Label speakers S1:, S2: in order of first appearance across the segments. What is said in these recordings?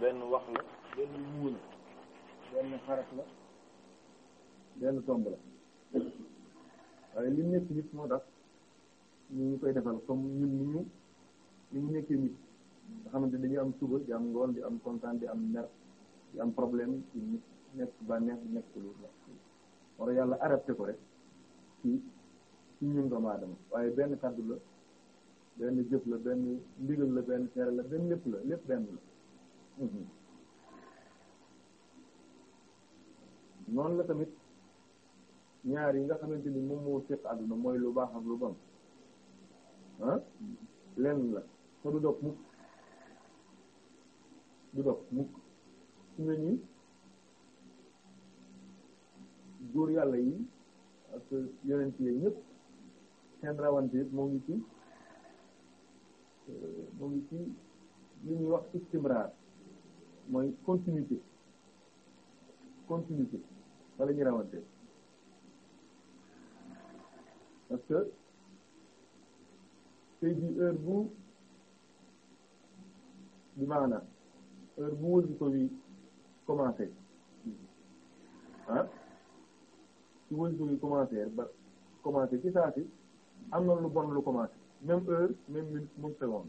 S1: benn wax la benn yuwu la benn xaraf la benn tomb la waaye li nekk nit moo tax ñu ngi koy defal comme ñun ñu ñu ñu nekkee nit nga xamante dañuy am suba di am ngoon di am kontaan di am mer di am problème ci nekk bànneex di nekk lu la war yàlla arrêté ko rek ci ñun doomu aadama waaye benn kàddu la benn jëf la benn ndigal la benn tere la benn lépp la lépp benn la Mm-hmm. noonu la tamit ñaar yi nga xamante ni moom moo séq àdduna mooy lu baax lu bon ah mm-hmm. lenn la te du dog mukk du dog mukk su ne nii góor yàlla yi ak yonent yi ñëpp seen rawante moo ngi ci euh, moo ngi ci li ñuy wax istimraar mooy continuité continuité wala ñu rawante parce que tey jii heure bu bi maanaam heure bu wasifa wi commencé ah su wasifa wi commencé ba commencé ci saa si am na lu bon lu commencé même heure même minute même seconde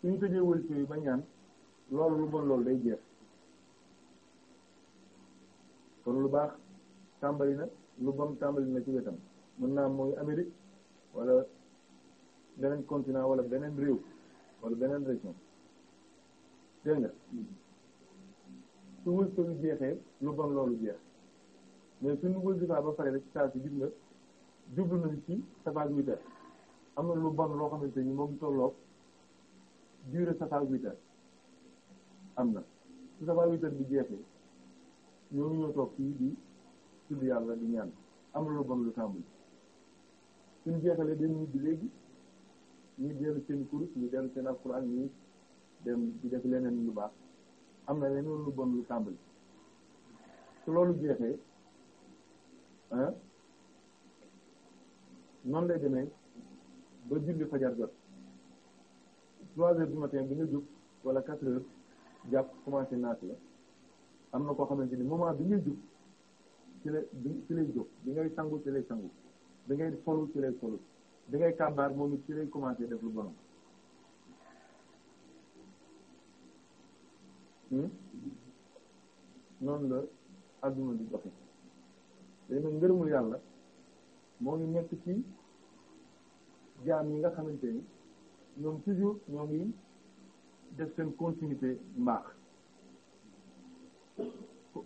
S1: suñu tëjee wasifa wi ba ñaan loolu lu bon loolu day jeex kon lu baax tàmbali na lu bon tàmbali na ci wetam mën naa mooy Amérique walla beneen continent wala beneen réew wala beneen région dégg su wës ko jeexee lu bon loolu jeex mais suñu wësifaa saa si gis nga jublu nañ ci safal huit am na lu bon loo xamante ni moom tolloog durée safal huit heures am na su sa huit bi jeexee ñoo ñoo toog fii di tudd yàlla di ñaan am na lu bon lu tàmbali suñ jeexalee dañ ñibbi léegi ñu dellu seen kurus ñu dellu seen alxuraan ñu dem di def leneen lu baax am na leneen lu bon lu tàmbali su loolu jeexee ah noonu lay demee ba julli fajar jot trois heures du matin bi nga jóg wala quatre heures jàpp commencé naat la am na koo xamante ni moment bi ngay jóg ci la ci lay jóg bi ngay sangu ci lay sangu bi ngay solu ci lay solu bi ngay kàmbaar moom it ci lay commencé def lu bonam hmm? noonu la adduna di doxe léegi nag ngërëmul yàlla moo ngi nekk ci jaam yi nga xamante ni ñoom toujours ñoo ngi def seen continuité mbaax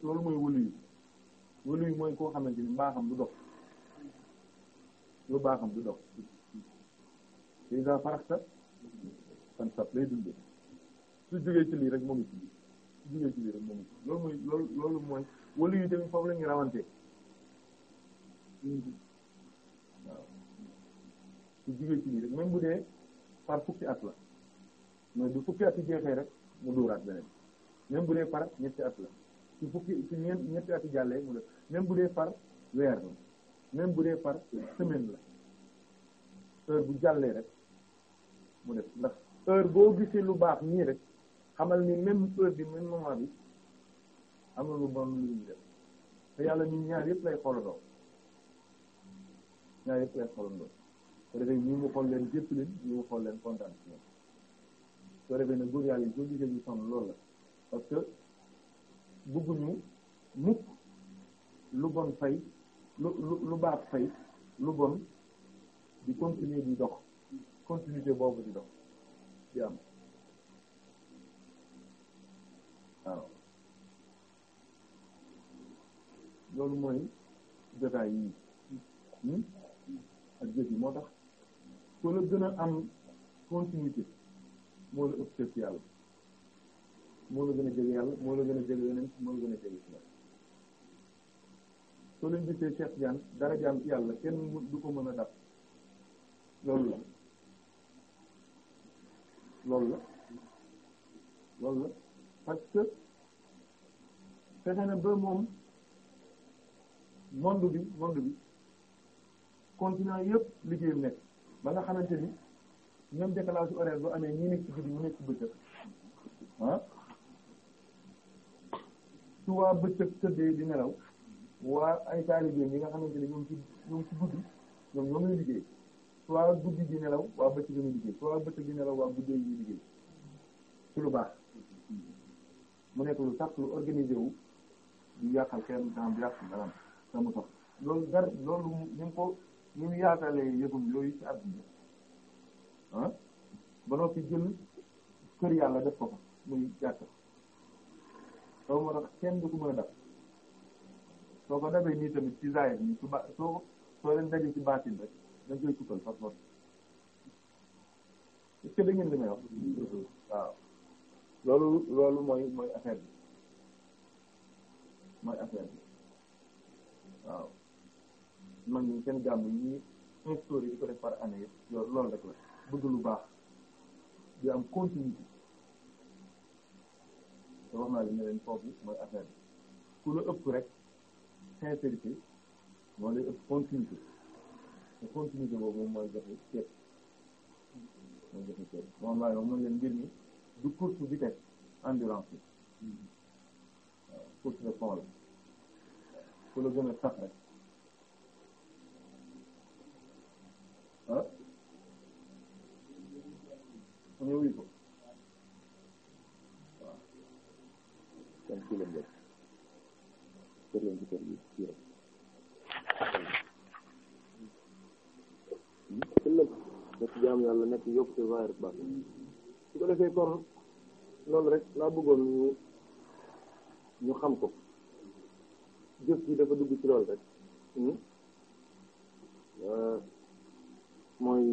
S1: loolu mooy wëlu yu wëlu yu mooy koo xamante ni mbaaxam du dox lu baaxam du dox te daa faraxta fan sab lay dundee su jógee ci lii rek moo ngi ci su jógee ci lii rek moo ngi ci loolu mooy loolu yu tamit foofu la rawante su jógee ci lii rek même bu dee par fukki at la mooy bu fukki at yi jeexee rek mu duuraat beneen même bu dee par ñetti at la su fukki su ñeent ñetti at jàllee mu la même bu dee par weer la même bu dee par semaine la heure bu jàllee rek mu def ndax heure boo gisee lu baax nii rek xamal ni même heure bi même moment bi am na lu bon lu ñu def te yàlla ñun ñaar yëpp lay xoolandoo ñaar yëpp lay xoolandoo te dafay ñi mu xool leen jëpp leen ñi mu xool leen kontaan ci ñoom soo defee ne góor yàlla yi soo gisee ñu sonn loolu la parce que mukk lu bon fay lu lu lu baax fay lu bon di continuer di dox continuité boobu di dox di am waaw loolu mooy jotaay yi hmm? ak jëf yi moo tax soo la gën a am continuité moo la ëpp fépp yàlla moo la gën a jege yàlla moo la gën a jege yeneen moo la gën a jege yàlla soo leen gisee Cheikh Diagne dara jaam yàlla kenn du ko mën a daf loolu la loolu la loolu fexe na ba moom monde bi monde bi continent yëpp liggéeyam nekk ba nga xamante ni même décalage horaire bu amee ñi nekk ci guddi ñi nekk ci bëccëg ah su waa bëccëg tëddee di nelaw waa ay taalibe yi nga xamante ni ñoom ci ñoom ci guddi ñoom ñoom ñuy liggéey su waa guddi di nelaw waa bëccëg ñuy liggéey su waa bëccëg di nelaw waa guddi ñuy liggéey ci lu baax mu nekk lu sax lu organisé wu di kenn daan yàqal dara sama sax loolu dara loolu ñu ko ñu yaatalee yëgum yooyu ci àdduna ah ba noppi jël kër yàlla def ko fa muy jàkka soo moo tax kenn du ko mën a dab soo ko dabee nii tamit ci zaayat nii su ba soo soo leen dajee ci baatin rek dañ koy tukkal par force est-ce que da ngeen li may wax waaw loolu loolu mooy mooy affaire bi mooy affaire bi waaw man ñi seen gàmm yi ñuy instauré di ko def par année yëpp loolu rek la bëgg lu baax di am continuité te wax naa leen ne leen foofu mooy affaire bi ku la ëpp rek sincérité moo lay ëpp continuité te continuité boobu moom mooy joxe ceeb moom laa yow mooy leen mbir mi du course vitesse endurance bi course de fond la ku la gën a sax rek ñu wuyu ko waaw kon fii la njëkk nekk jaam yàlla nekk yokkute waaye rek baax su ko defee kon loolu rek laa bëggoon ñu ñu xam ko jëf yi dafa dugg ci loolu rek hmm? euh, mooy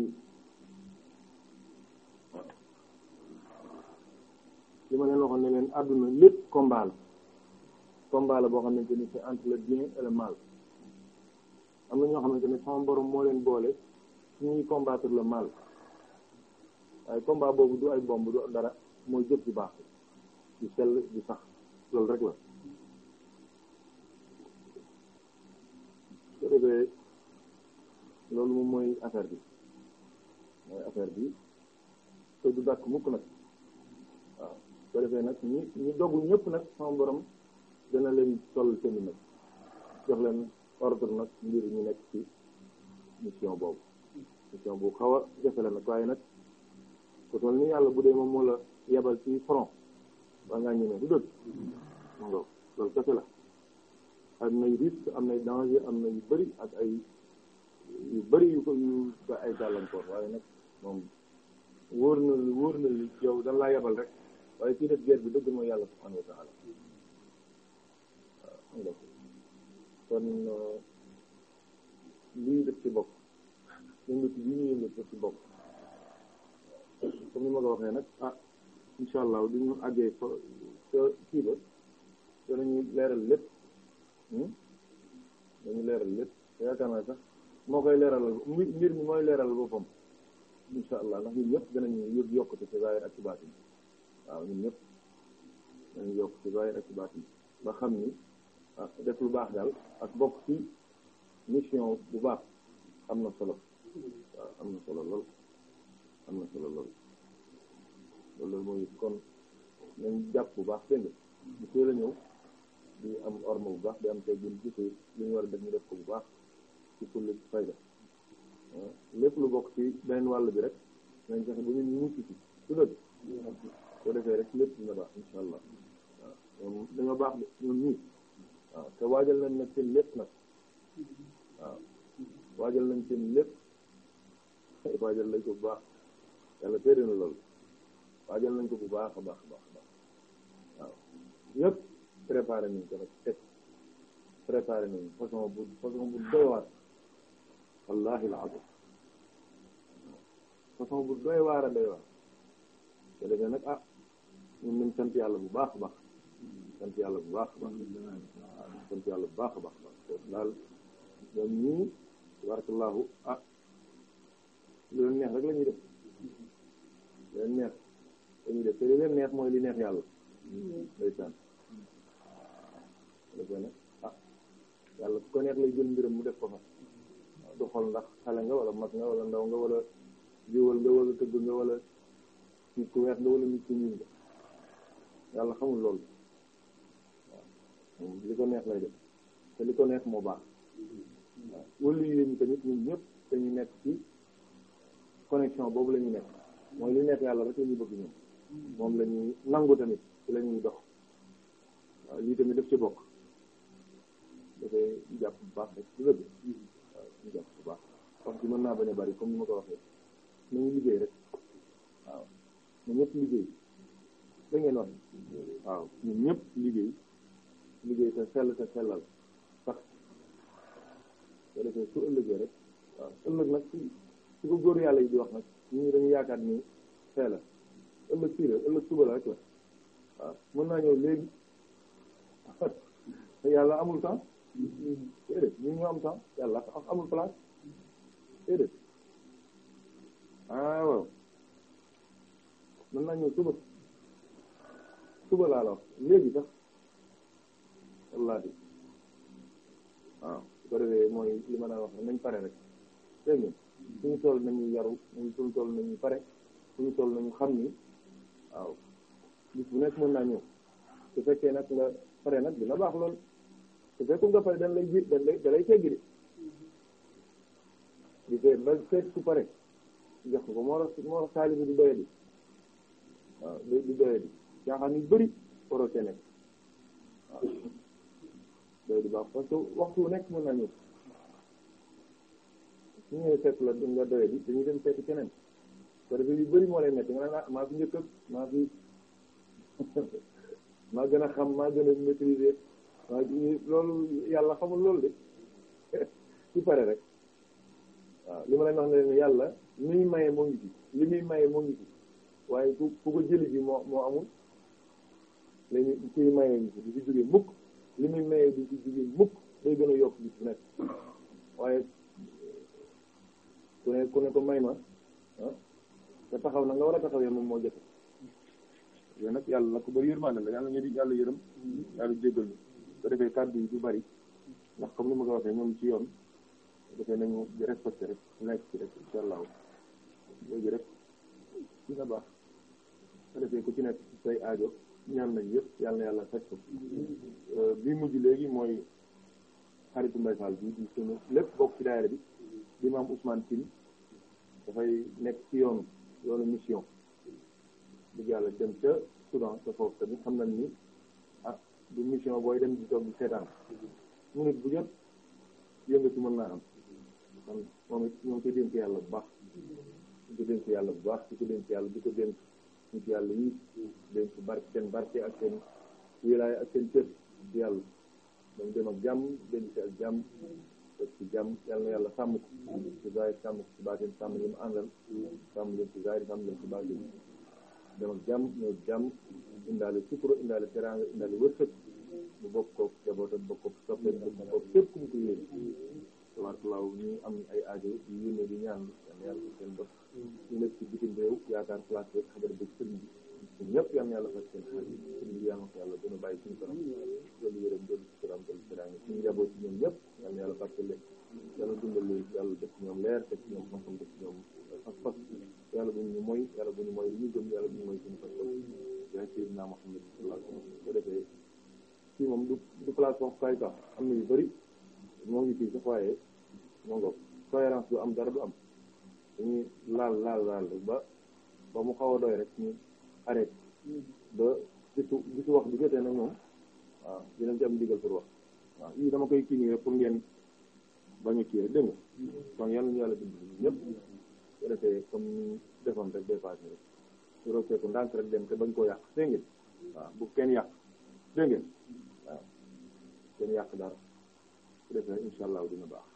S1: li ma leen waxoon ne leen àdduna lépp combat la combat la boo xamante ni c'est entre le bien et mal am na ñoo xamante ne sama borom moo leen boole ñuy combattre le mal waaye combat boobu du ay bomb du dara mooy jëf ju baax ju sell ju sax loolu rek la loolu moom mooy affaire bi mooy affaire bi te du dàkk mukk nag ko defee nag ñi ñi dogu ñëpp nag sama borom dana leen sol seen nag jox leen ordre nag ngir ñu nekk ci mission boobu mission bu xaw a la nag waaye nag ku toll ni yàlla bu dee moom moo la yebal ci front ba ngaa la am nay risque am nay danger am na yu bëri ak ay yu bëri ko yu ay gàllankoor waaye nag moom wóor na wóor na yow dan laa yebal rek waaye kii def guerre bi dëgg mooy yàlla subhanahu wa taala kon uh, lii def ci bokk yëngatu yi ma la waxee nag ah incha allah du ñu àggee fa ca kii ba danañu leeral lépp dañu hmm? leeral lépp yaakaar naa sax moo koy leeralal mbir mi mooy leeral boppam incha allah ndax ñun ñëpp danañu yóbbu yokkute ci zaahir ak ci baatin waaw ñun ñëpp dañu yokk ci bàyyi ak ci baatin ba xam ni ah, def lu baax daal ak bokk ci mission bu baax am na solo waaw am na solo lool am na solo lool loolu mooy kon nañ jàpp bu baax dégg bu teel a ñëw di am orme bu baax di am tey jii dañu war a def ñu def ko bu baax ci kulli fayda ah, lépp lu bokk ci beneen wàll bi rek nañ fexe ba ñu mucc ci su dëgg ko defee rek lépp dina baax insha allah waaw dina baax de ñun waaw te waajal nañ nag seen lépp nag waaw waajal nañ seen lépp waajal nañ ko bu baax yàlla téere na loolu waajal nañ ko bu baax a baax baax waaw ñëpp préparé nañ ko nag teg préparé nañ façon bu façon bu doy waar wallahi al azim façon bu doy waar a doy waar te defee nag ah ñun nañ sant yàlla bu baax a baax sant yàlla bu baax a baax sant yàlla bu baax a baax daal ñoom ñii barakallahu ah lu leen neex rek la ñuy def leen neex la def te lu neex mooy li neex yàlla ndeysaan defee nag ah yàlla ku ko neex lay jël mbiram mu def ko fa du xool ndax xale nga wala mag nga walla ndaw nga wala jiwal nga wala tëgg nga wala nit ku weex la wala nit xamul loolu waaw li ko neex lay baax waaw tamit ñun ñëpp nekk ci connexion boobu la ñu mooy li neex yàlla rek ñu bëgg ñun la ñuy nangu tamit ci la ñuy dox waaw lii tamit def ci bokk dafay jàpp bu baax rek ci dëgg waaw ci mën naa ba a bari comme ni ma ko waxee nañu liggéey rek ñun ñëpp liggéey da wax waaw ñun ñëpp liggéey liggéey sa sell sa sellal sax soo defee su ëllëgee rek waaw ëllëg nag ci ko góor yàlla yi di wax nag ñun dañu yaakaar ni tey la ëllëg fii la ëllëg suba la rek la waaw mën naa ñëw léegi yàlla amul temps déedéet ñun ñu am temps yàlla amul place déedéet ah waaw man naa ñëw suba suba laa la wax léegi sax wallaahi waaw su ko defee mooy li ma naa wax nañ pare rek dégg nga suñu toll nañu yaru suñu toll nañu pare suñu toll nañu xam ni waaw bis bu nekk mën naa ñëw su fekkee nag nga pare nag dina baax lool su fekku nga pare dañ lay ji dañ lay dalay teggi de di fee ba fekk ku pare jox ko moo la moo la saali bi du doyadi waaw loolu du doyadi caaxaan yu bëri proté lañ waaw doyadi baax parce que waxtu nekk mën na ñëw su ñëwee fekk la du nga doyadi dañuy dem seeti keneen parce que yu bëri moo lay métti nga maa fi njëkk maa fi maa gën a xam maa gën a maîtriser maa loolu yàlla xamul loolu de ci pare rek waaw li ma leen wax ne leen yàlla li muy maye moo ngi ci li muy maye moo ngi ci waaye ku ku ko jëli ji moo moo amul lañu ciy mayee ñu si du mukk li muy mayee di ci jóge mukk day gën a yokk bis bu nekk waaye ku ne ku ko may ma ah te taxaw na nga war a taxawee moom moo jot yooyu nag yàlla ko bari yërmaane la yàlla ñu di yàlla yërëm yàlla jéggal ñu soo defee kàddu yi du bari ndax comme li ma ko waxee moom ci yoon defee nañu respecté rek nekk ci rek insha allahu léegi rek dina baax su defee ku ci nekk say aajo ñaan nañu yëpp yàlla na yàlla faj ko euh, bi mujj léegi mooy xaritu Mbaye Fall bi di sunu lépp bokk ci daayira bi di maam Ousmane Tine dafay nekk ci yoonu loolu mission di yàlla dem ca Soudan te foofu tamit xam nañ ni ah du mission booy dem di toog di seetaan minute bu jot yëngatu mën naa am man moom it ñoo ngi yàlla bu baax di ko yàlla bu baax di ko dénk yàlla di ko dénk nit yàlla yi leen ci barke seen barke ak seen wilaay ak seen cër ci yàlla dañ dem ak jàmm dem ci ak jàmm te ci jàmm yàlla sàmm ko ci zahir sàmm ko ci baatin sàmm li mu àndal sàmm leen ci zahir sàmm dem ak jàmm ñëw jàmm indaale sukuro indaale teraanga indaale wërsëg mu bokk ko jabootam bokk ko soppeeku bokk ko képp ko yéene tabaarkalaaw ñu am ay aajo yu yéene di ñaan yàlla faj seen bopp ñu nekk ci bitim réew yaakaar place bi xabar bi sëriñ bi ñëpp yam yàlla faj seen xarit sëriñ bi yàlla ko yàlla gën a bàyyi suñu kanam loolu yërëm doon suram doon siraange suñu njaboot ci ñoom ñëpp yàlla yàlla barke leen yàlla dundale yàlla def ci ñoom leer def ci ñoom xam-xam def ci ñoom ak fas yàlla bu ñu mooy yàlla bu ñu mooy li ñu gëm yàlla bu ñu mooy suñu fas yaa Seydina Muhammad sallallahu alayhi wa sallam ko defee fii moom du du place waxukaay sax am na yu bëri moo ngi fii sax waaye moo ngo cohérence du am dara du am dañuy laal laal laal ba ba mu xaw a doy rek ñu arrêté ba gisu gisu wax bi jotee nag moom waaw dinañ ci am ndigal pour wax waaw yii dama koy kii nii rek pour ngeen ba ñu kii rek dégg nga kon yal nañu yàlla dimbali ñëpp su defee comme ni defoon rek dépassé rek su rocceeku dem te bañ koo yàq dégg ngeen waaw bu kenn yàq dégg ngeen kenn yàq dara defee incha allah dina baax.